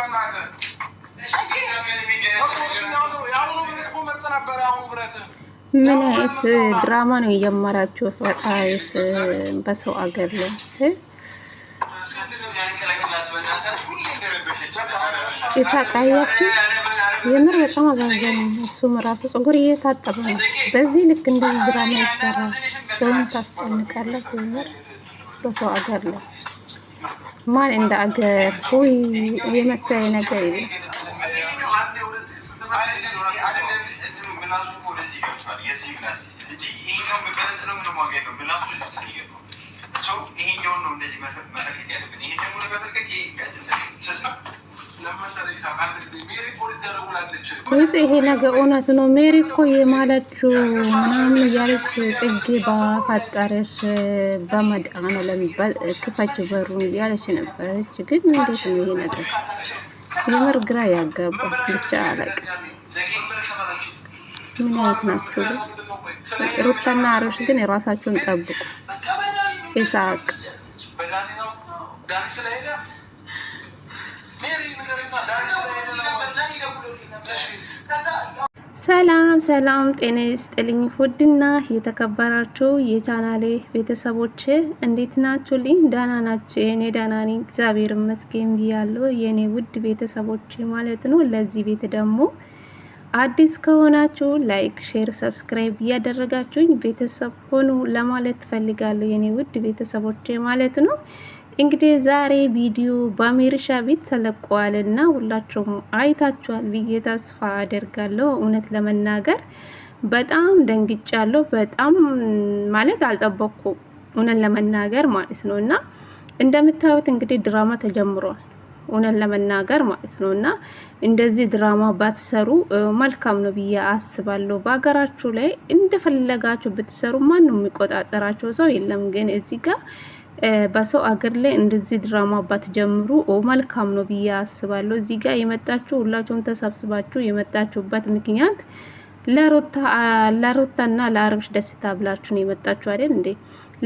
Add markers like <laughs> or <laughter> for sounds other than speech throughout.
ምን አይነት ድራማ ነው የጀመራችሁት? በጣይስ በሰው አገር ላይ የሳቃያችሁ የምር በጣም አዛዛኝ እሱም ራሱ ፀጉር እየታጠበ ነው። በዚህ ልክ እንደዚህ ድራማ ይሰራል። ሰውን ታስጨንቃለች። የምር በሰው አገር ላይ ማን እንደ አገር ሆይ የመሰለ ነገር የለም። ይሄኛውን ነው እንደዚህ መፈለግ ያለብን። ይሄ ደግሞ መፈለግ ይሄ ወይስ ይሄ ነገር እውነት ነው? ሜሪ እኮ የማለችው ምናምን እያለች ጽጌ በፈጠረሽ በመድኃኔ ዓለም ክፈች በሩን እያለች ነበረች። ግን እንዴት ነው ይሄ ነገር? የምር ግራ ያጋባ። ብቻ አለቀ። ምን አይነት ናችሁ? ሩታና አብርሽ ግን የራሳችሁን ጠብቁ። ይሳቅ ሰላም ሰላም፣ ጤና ይስጥልኝ። ውድና የተከበራችሁ የቻናሌ ቤተሰቦች እንዴት ናችሁልኝ? ዳና ናችሁ? የኔ ዳና ነኝ እግዚአብሔር ይመስገን ብያለሁ። የኔ ውድ ቤተሰቦች ማለት ነው። ለዚህ ቤት ደግሞ አዲስ ከሆናችሁ ላይክ፣ ሼር፣ ሰብስክራይብ እያደረጋችሁኝ ቤተሰብ ሆኑ ለማለት ፈልጋለሁ። የኔ ውድ ቤተሰቦች ማለት ነው። እንግዲህ ዛሬ ቪዲዮ በአሜሪሻ ቤት ተለቀዋል እና ሁላቸውም አይታችኋል ብዬ ተስፋ አደርጋለሁ። እውነት ለመናገር በጣም ደንግጫለሁ። በጣም ማለት አልጠበቅኩም፣ እውነት ለመናገር ማለት ነው እና እንደምታዩት እንግዲህ ድራማ ተጀምሯል እውነት ለመናገር ማለት ነው እና እንደዚህ ድራማ ባትሰሩ መልካም ነው ብዬ አስባለሁ። በሀገራችሁ ላይ እንደፈለጋችሁ ብትሰሩ ማንም የሚቆጣጠራቸው ሰው የለም። ግን እዚህ ጋር በሰው አገር ላይ እንደዚህ ድራማ ባትጀምሩ መልካም ነው ብዬ አስባለሁ። እዚህ ጋር የመጣችሁ ሁላችሁም ተሰብስባችሁ የመጣችሁበት ምክንያት ለሮታና ለአርብሽ ደስታ ብላችሁ ነው የመጣችሁ አይደል እንዴ?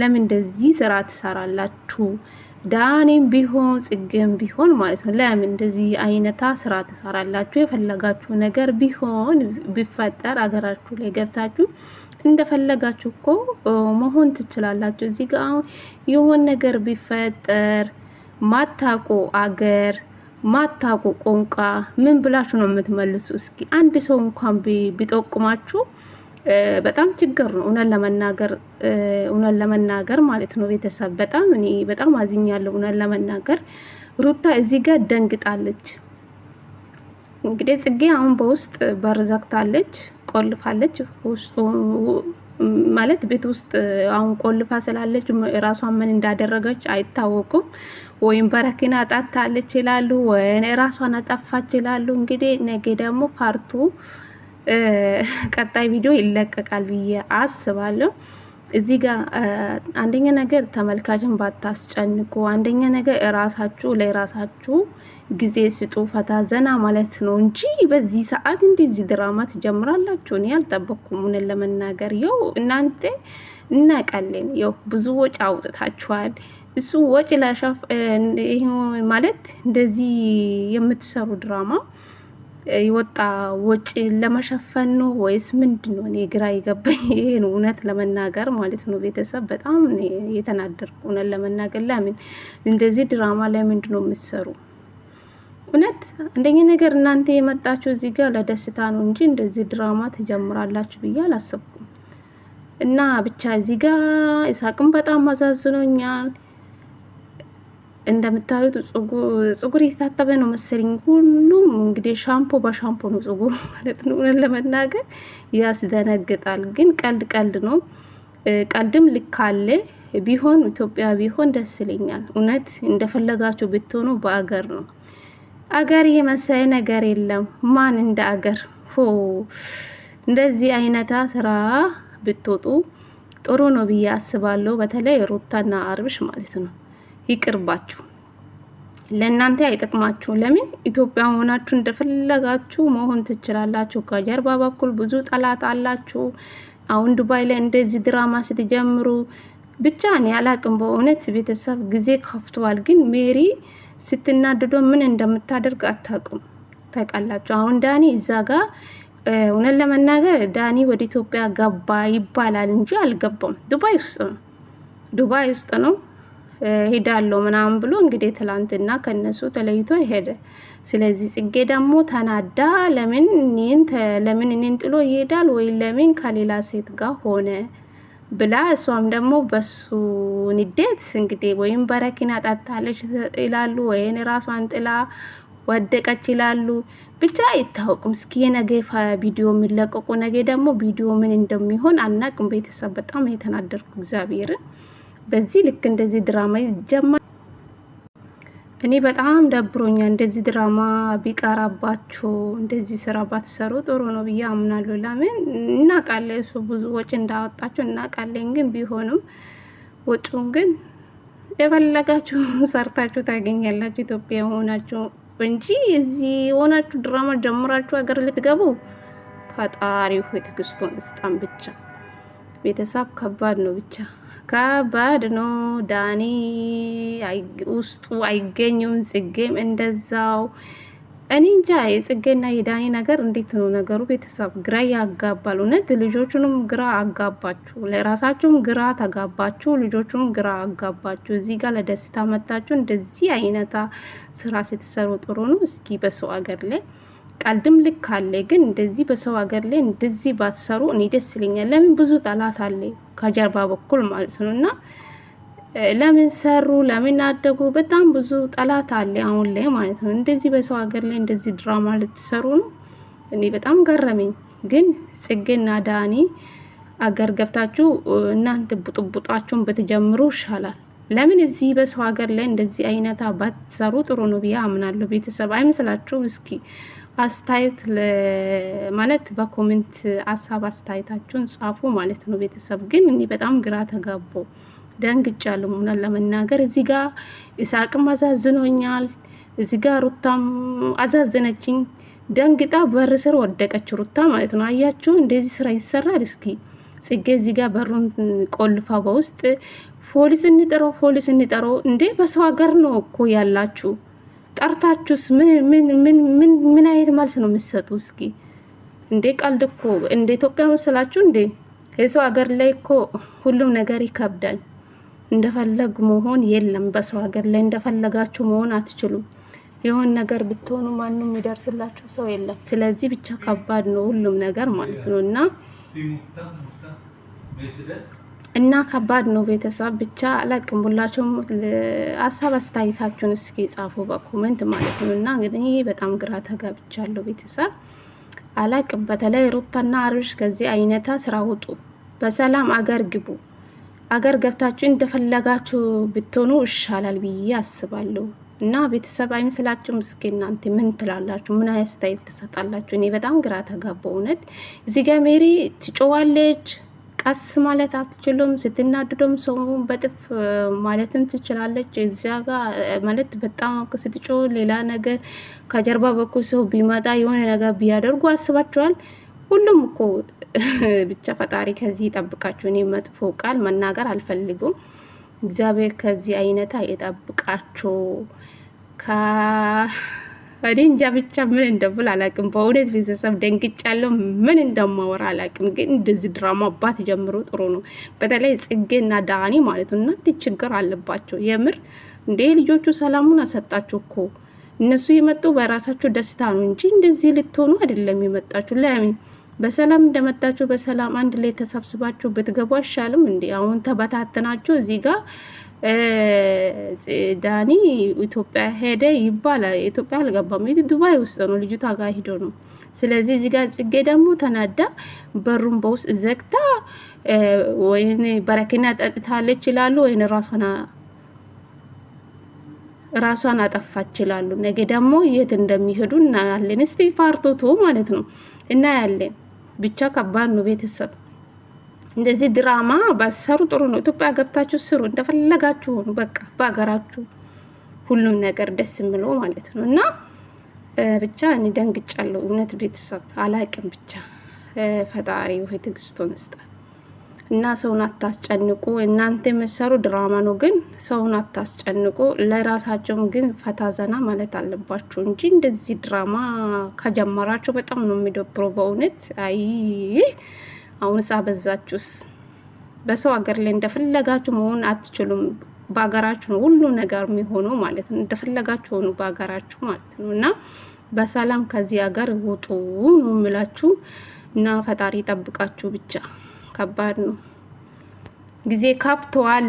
ለምን እንደዚህ ስራ ትሰራላችሁ? ዳኔም ቢሆን ጽጌም ቢሆን ማለት ነው። ለምን እንደዚህ አይነታ ስራ ትሰራላችሁ? የፈለጋችሁ ነገር ቢሆን ቢፈጠር አገራችሁ ላይ ገብታችሁ እንደፈለጋችሁ እኮ መሆን ትችላላችሁ። እዚህ ጋ የሆን ነገር ቢፈጠር ማታቆ አገር ማታቁ ቋንቋ ምን ብላችሁ ነው የምትመልሱ? እስኪ አንድ ሰው እንኳን ቢጠቁማችሁ በጣም ችግር ነው። እውነት ለመናገር እውነት ለመናገር ማለት ነው ቤተሰብ በጣም እኔ በጣም አዝኛለሁ። እውነት ለመናገር ሩታ እዚህ ጋር ደንግጣለች። እንግዲህ ጽጌ አሁን በውስጥ በር ዘግታለች። ቆልፋለች ውስጡ ማለት ቤት ውስጥ አሁን ቆልፋ ስላለች ራሷን ምን እንዳደረገች አይታወቁም። ወይም በረኪና አጣታለች ይላሉ፣ ወይ ራሷን አጠፋች ይላሉ። እንግዲህ ነገ ደግሞ ፓርቱ ቀጣይ ቪዲዮ ይለቀቃል ብዬ አስባለሁ። እዚህ ጋር አንደኛ ነገር ተመልካችን ባታስጨንቁ፣ አንደኛ ነገር እራሳችሁ ለራሳችሁ ጊዜ ስጡ፣ ፈታ ዘና ማለት ነው እንጂ በዚህ ሰዓት እንደዚህ ድራማ ትጀምራላችሁ እኔ አልጠበኩም። ምን ለመናገር የው እናንተ እናቀልን የው ብዙ ወጪ አውጥታችኋል። እሱ ወጪ ላሻፍ ማለት እንደዚህ የምትሰሩ ድራማ የወጣ ወጪ ለመሸፈን ነው ወይስ ምንድን ነው? እኔ ግራ የገባኝ <laughs> ይሄን እውነት ለመናገር ማለት ነው። ቤተሰብ በጣም የተናደርኩ እውነት ለመናገር ለምን እንደዚህ ድራማ ላይ ነው የምትሰሩ? እውነት አንደኛ ነገር እናንተ የመጣችሁ እዚህ ጋር ለደስታ ነው እንጂ እንደዚህ ድራማ ትጀምራላችሁ ብዬ አላሰብኩም። እና ብቻ እዚህ ጋር ኢሳቅም በጣም አዛዝኖኛል። እንደምታዩት ፀጉር የታጠበ ነው መሰለኝ። ሁሉም እንግዲህ ሻምፖ በሻምፖ ነው ፀጉር <laughs> ማለት ነው። ለመናገር ያስደነግጣል። ግን ቀልድ ቀልድ ነው። ቀልድም ልክ አለ ቢሆን ኢትዮጵያ ቢሆን ደስ ይለኛል። እውነት እንደፈለጋችሁ ብትሆኑ በአገር ነው። አገር የመሳይ ነገር የለም። ማን እንደ አገር ፎ እንደዚህ አይነታ ስራ ብትወጡ ጥሩ ነው ብዬ አስባለሁ። በተለይ ሩታና አብርሽ ማለት ነው። ይቅርባችሁ። ለእናንተ አይጠቅማችሁ። ለምን ኢትዮጵያ ሆናችሁ እንደፈለጋችሁ መሆን ትችላላችሁ። ከጀርባ በኩል ብዙ ጠላት አላችሁ። አሁን ዱባይ ላይ እንደዚህ ድራማ ስትጀምሩ ብቻ እኔ አላቅም። በእውነት ቤተሰብ ጊዜ ከፍተዋል። ግን ሜሪ ስትናድዶ ምን እንደምታደርግ አታውቅም። ታውቃላችሁ። አሁን ዳኒ እዛ ጋ እውነት ለመናገር ዳኒ ወደ ኢትዮጵያ ገባ ይባላል እንጂ አልገባም። ዱባይ ውስጥ ነው። ዱባይ ውስጥ ነው ሄዳለሁ ምናምን ብሎ እንግዲህ ትላንትና ከነሱ ተለይቶ ሄደ። ስለዚህ ጽጌ ደግሞ ተናዳ ለምን እኔን ለምን እኔን ጥሎ ይሄዳል ወይ ለምን ከሌላ ሴት ጋር ሆነ ብላ እሷም ደግሞ በሱ ንዴት እንግዲህ ወይም በረኪና ጠጣለች ይላሉ ወይን ራሷን ጥላ ወደቀች ይላሉ። ብቻ አይታወቅም። እስኪ የነገ ቪዲዮ የሚለቀቁ ነገ ደግሞ ቪዲዮ ምን እንደሚሆን አናቅም። ቤተሰብ በጣም የተናደርኩ እግዚአብሔርን በዚህ ልክ እንደዚህ ድራማ ይጀመር። እኔ በጣም ደብሮኛ። እንደዚህ ድራማ ቢቀራባችሁ እንደዚህ ስራ ባትሰሩ ጥሩ ነው ብዬ አምናለሁ። ለምን እናቃለ እሱ ብዙ ወጪ እንዳወጣችሁ እናቃለኝ። ግን ቢሆንም ወጪውን ግን የፈለጋችሁ <laughs> ሰርታችሁ ታገኛላችሁ ኢትዮጵያ ሆናችሁ እንጂ እዚህ ሆናችሁ ድራማ ጀምራችሁ ሀገር ልትገቡ ፈጣሪ ሆይ ትዕግስቱን ብቻ። ቤተሰብ ከባድ ነው ብቻ ከባድ ነው። ዳኒ ውስጡ አይገኙም ጽጌም እንደዛው። እኔ እንጃ የጽጌና የዳኒ ነገር እንዴት ነው ነገሩ? ቤተሰብ ግራ ያጋባል። እውነት ልጆቹንም ግራ አጋባችሁ፣ ለራሳችሁም ግራ ተጋባችሁ፣ ልጆቹንም ግራ አጋባችሁ። እዚህ ጋር ለደስታ መታችሁ። እንደዚህ አይነታ ስራ ስትሰሩ ጥሩ ነው። እስኪ በሰው ሀገር ላይ ቀልድም ልክ አለ። ግን እንደዚህ በሰው ሀገር ላይ እንደዚህ ባትሰሩ እኔ ደስ ይለኛል። ለምን ብዙ ጠላት አለ ከጀርባ በኩል ማለት ነው እና ለምን ሰሩ? ለምን አደጉ? በጣም ብዙ ጠላት አለ አሁን ላይ ማለት ነው። እንደዚህ በሰው ሀገር ላይ እንደዚህ ድራማ ልትሰሩ ነው? እኔ በጣም ገረመኝ። ግን ጽጌና ዳኒ አገር ገብታችሁ እናንተ ቡጥቡጣችሁን በተጀምሩ ይሻላል። ለምን እዚህ በሰው ሀገር ላይ እንደዚህ አይነት አባት ሰሩ ጥሩ ነው ብዬ አምናለሁ። ቤተሰብ አይመስላችሁም? እስኪ አስተያየት ማለት በኮሜንት አሳብ አስተያየታችሁን ጻፉ ማለት ነው። ቤተሰብ ግን እኔ በጣም ግራ ተጋቦ ደንግጫለሁ፣ እውነት ለመናገር እዚህ ጋር ኢሳቅም አዛዝኖኛል፣ እዚህ ጋር ሩታም አዛዝነችኝ። ደንግጣ በር ስር ወደቀች ሩታ ማለት ነው። አያችሁ እንደዚህ ስራ ይሰራል። እስኪ ጽጌ እዚህ ጋር በሩን ቆልፋ በውስጥ ፖሊስ እንጠረው ፖሊስ እንጠረው እንዴ! በሰው ሀገር ነው እኮ ያላችሁ ቀርታችሁስ ምን አይነት ማለት ነው የምትሰጡ? እስኪ እንዴ ቀልድ እኮ እንደ ኢትዮጵያ መስላችሁ እንዴ? የሰው ሀገር ላይ እኮ ሁሉም ነገር ይከብዳል። እንደፈለግ መሆን የለም። በሰው ሀገር ላይ እንደፈለጋችሁ መሆን አትችሉም። የሆን ነገር ብትሆኑ ማንም የሚደርስላችሁ ሰው የለም። ስለዚህ ብቻ ከባድ ነው ሁሉም ነገር ማለት ነው እና እና ከባድ ነው ቤተሰብ ብቻ አላቅም። ሁላችሁም ሀሳብ አስተያየታችሁን እስኪ ጻፉ በኮመንት ማለት ነው። እና እንግዲህ በጣም ግራ ተጋብቻለሁ ቤተሰብ አላቅም። በተለይ ሩታና አብርሽ ከዚህ አይነታ ስራ ውጡ፣ በሰላም አገር ግቡ። አገር ገብታችሁ እንደፈለጋችሁ ብትሆኑ ይሻላል ብዬ አስባለሁ። እና ቤተሰብ አይመስላችሁም? እስኪ እናንተ ምን ትላላችሁ? ምን አስተያየት ትሰጣላችሁ? እኔ በጣም ግራ ተጋባው እውነት። እዚህ ጋ ሜሪ ትጮዋለች ቀስ ማለት አትችሉም። ስትናድዶም ሰው በጥፍ ማለትም ትችላለች። እዚያ ጋር ማለት በጣም ስትጮ ሌላ ነገር ከጀርባ በኩል ሰው ቢመጣ የሆነ ነገር ቢያደርጉ አስባችኋል። ሁሉም እኮ <laughs> ብቻ ፈጣሪ ከዚህ ይጠብቃችሁ። እኔ መጥፎ ቃል መናገር አልፈልጉም። እግዚአብሔር ከዚህ አይነት ይጠብቃችሁ። እኔ እንጃ ብቻ ምን እንደብል አላውቅም። በእውነት ቤተሰብ ደንግጫለሁ። ምን እንደማወራ አላቅም ግን እንደዚህ ድራማ አባት ጀምሮ ጥሩ ነው። በተለይ ጽጌና ዳኒ ማለት ነው። እናንተ ችግር አለባቸው የምር እንዴ! ልጆቹ ሰላሙን አሰጣችሁ እኮ እነሱ የመጡ በራሳቸው ደስታ ነው እንጂ እንደዚህ ልትሆኑ አይደለም የመጣችሁ ለምን በሰላም እንደመጣችሁ በሰላም አንድ ላይ ተሰብስባችሁ ብትገቡ አይሻልም እንዲ አሁን ተበታተናችሁ እዚህ ጋር ዳኒ ኢትዮጵያ ሄደ ይባላል። ኢትዮጵያ አልገባም፣ ዱባይ ውስጥ ነው ልጅቷ ጋር ሂዶ ነው። ስለዚህ እዚህ ጋር ጽጌ ደግሞ ተናዳ በሩን በውስጥ ዘግታ ወይ በረኪና ጠጥታለች ይላሉ፣ ወይን ራሷን ራሷን አጠፋች ይላሉ። ነገ ደግሞ የት እንደሚሄዱ እናያለን። እስቲ ፋርቶቶ ማለት ነው እናያለን። ብቻ ከባድ ነው። ቤተሰብ እንደዚህ ድራማ ባሰሩ ጥሩ ነው። ኢትዮጵያ ገብታችሁ ስሩ፣ እንደፈለጋችሁ ሆኑ። በቃ በሀገራችሁ ሁሉም ነገር ደስ የምለ ማለት ነው። እና ብቻ እኔ ደንግጫለሁ እውነት ቤተሰብ አላቅም። ብቻ ፈጣሪ ሆይ ትዕግስቱን ስጣል። እና ሰውን አታስጨንቁ። እናንተ የምትሰሩ ድራማ ነው፣ ግን ሰውን አታስጨንቁ። ለራሳቸውም ግን ፈታ ዘና ማለት አለባችሁ እንጂ እንደዚህ ድራማ ከጀመራችሁ በጣም ነው የሚደብረው በእውነት። አይ አሁን አበዛችሁስ። በሰው ሀገር ላይ እንደፈለጋችሁ መሆን አትችሉም። በሀገራችሁ ነው ሁሉ ነገር የሚሆነው ማለት ነው። እንደፈለጋችሁ ሆኑ በሀገራችሁ ማለት ነው እና በሰላም ከዚህ ሀገር ውጡ ነው የምላችሁ እና ፈጣሪ ጠብቃችሁ ብቻ ከባድ ነው። ጊዜ ከፍተዋል።